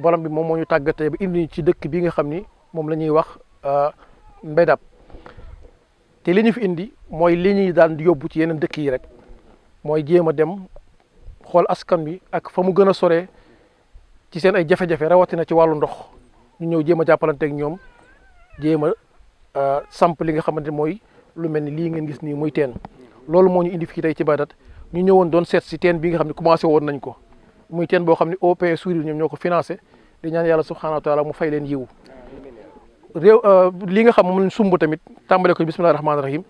borom bi moom moo ñu tàggatee ba indi ñu ci dëkk bi nga xam ni moom la ñuy wax euh, mbédab te li ñu fi indi mooy li ñuy daan di yóbbu ci yeneen dëkk yi rek mooy jéem a dem xool askan bi ak fa mu gën a sore ci seen ay jafe-jafe rawatina ci wàllu ndox ñu ñëw jéem a jàppalante ak ñoom jéem a euh, samp li nga xamante ne mooy lu mel ni lii ngeen gis nii muy teen loolu moo ñu indi fii tey ci Badat ñu ñëwoon doon seet si teen bi nga xam ne commencé woon nañ ko muy teen boo xam ne OP Sourire ñoom ñoo ko financé di ñaan yàlla subhaanahu wa taala mu fay leen yiw réew euh, li nga xam moom lañ sumb tamit tàmbale ko bismillahi rahmaani rahim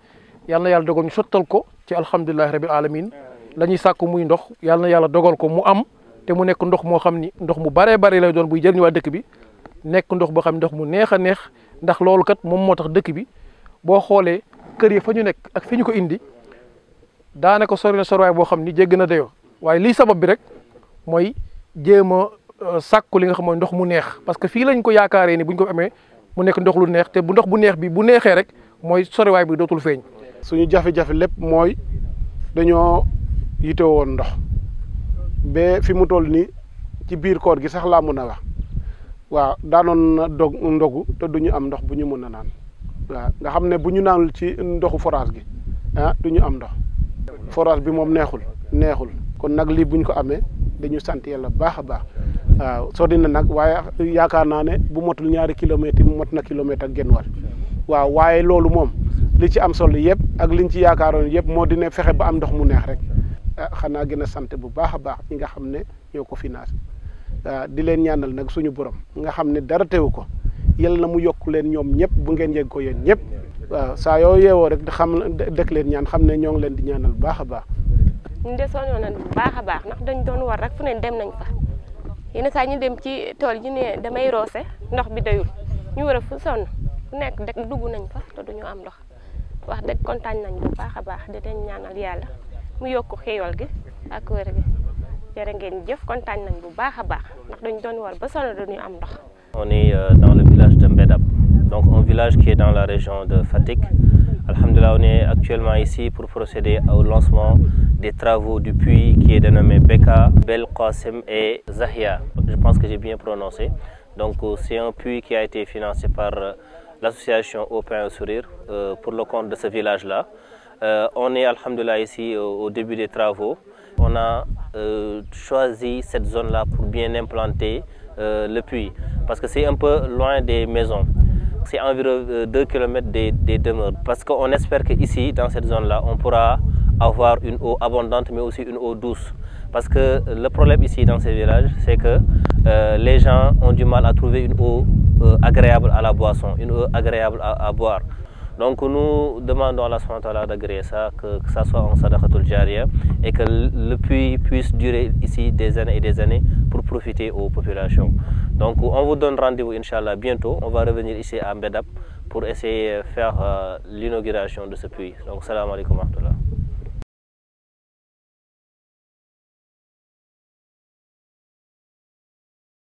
yàlla na yàlla dogal ñu sottal ko ci alhamdulilahi rabil alamin la ñuy sàkku muy ndox yàlla na yàlla dogal ko mu am te mu nekk ndox moo xam ni ndox mu baree bari lay doon buy jëriñu waa dëkk bi nekk ndox boo xam ndox mu neex a neex ndax loolu kat moom moo tax dëkk bi boo xoolee kër yi fa ñu nekk ak fi ñu ko indi daanaka sori na soriwaay boo xam ni jégg na dayoo waaye lii sabab bi rek mooy jéem Euh, sakku li nga xam ndox mu neex parce que fi lañ ko yaakaaree ni buñ ko amé mu nekk ndox lu neex te bu ndox bu neex bi bu neexé rek sori way bi dotul feñ suñu jafe-jafe lepp moy dañoo yité won ndox be fi mu toll ni ci biir koor gi sax la mu na wax wa da non dog ndogu te duñu am ndox buñu mëna naan wa nga xamné buñu naanul ci ndoxu forage gi ah duñu am ndox forage bi mom neexul neexul kon nak li buñ ko amé dañu sant yalla baaxa baax. waaw sori na nag waaye yaakaar naa ne bu motul ñaari kilomètres yi mot na kilomètre ak genn war waaw waaye loolu moom li ci am solo yëpp ak liñ ci yaakaaroon yëpp moo dina fexe ba am ndox mu neex rek ah, xanaa gën a sante bu baax a baax ñi nga xam ne ñoo ko financé ah, di leen ñaanal nag suñu borom nga xam ne dara teewu ko yal na mu yokk leen ñoom ñëpp bu ngeen yegg ko yéen ñëpp waaw saa yoo yeewoo rek xam dëkk leen ñaan xam ne ñoo ngi leen di ñaanal bu baax a baax. ñu de soñoon nañ bu baax a baax ndax dañ doon war rek fu ne dem nañ fa. yenn saa ñu dem ci tool yi ne damay roose ndox bi doyul ñu war a fu sonn fu nekk dëkk dugg nañ fa te duñu am ndox wax dëgg kontaan nañ bu baax a baax di ñaanal yàlla mu yokk xéewal gi ak wér gi jërë ngeen jëf kontaan nañ bu baax a baax ndax dañ doon war ba sonn duñu am ndox. On est euh, dans le village de Mbedab donc un village qui est dans la région de Fatick. Alhamdulillah, on est actuellement ici pour procéder au lancement des travaux du puits qui est dénommé Beka, Bel Qasim et Zahia. Je pense que j'ai bien prononcé. Donc euh, c'est un puits qui a été financé par euh, l'association Open Sourire euh, pour le compte de ce village-là. on est Alhamdulillah ici au, début des travaux. On a choisi cette zone-là pour bien implanter le puits parce que c'est un peu loin des maisons. C'est environ 2 euh, km des, demeures. Parce qu'on espère qu'ici, dans cette zone-là, on pourra avoir une eau abondante, mais aussi une eau douce. Parce que euh, le problème ici, dans ces villages, c'est que euh, les gens ont du mal à trouver une eau agréable à la boisson, une eau agréable à, boire. Donc nous demandons à la Santala d'agréer ça, que, ça soit en Sadakhatul Jariya et que le puits puisse durer ici des années et des années pour profiter aux populations. Donc on vous donne rendez-vous, Inch'Allah, bientôt. On va revenir ici à Mbedap pour essayer de faire euh, l'inauguration de ce puits. Donc salam alaikum wa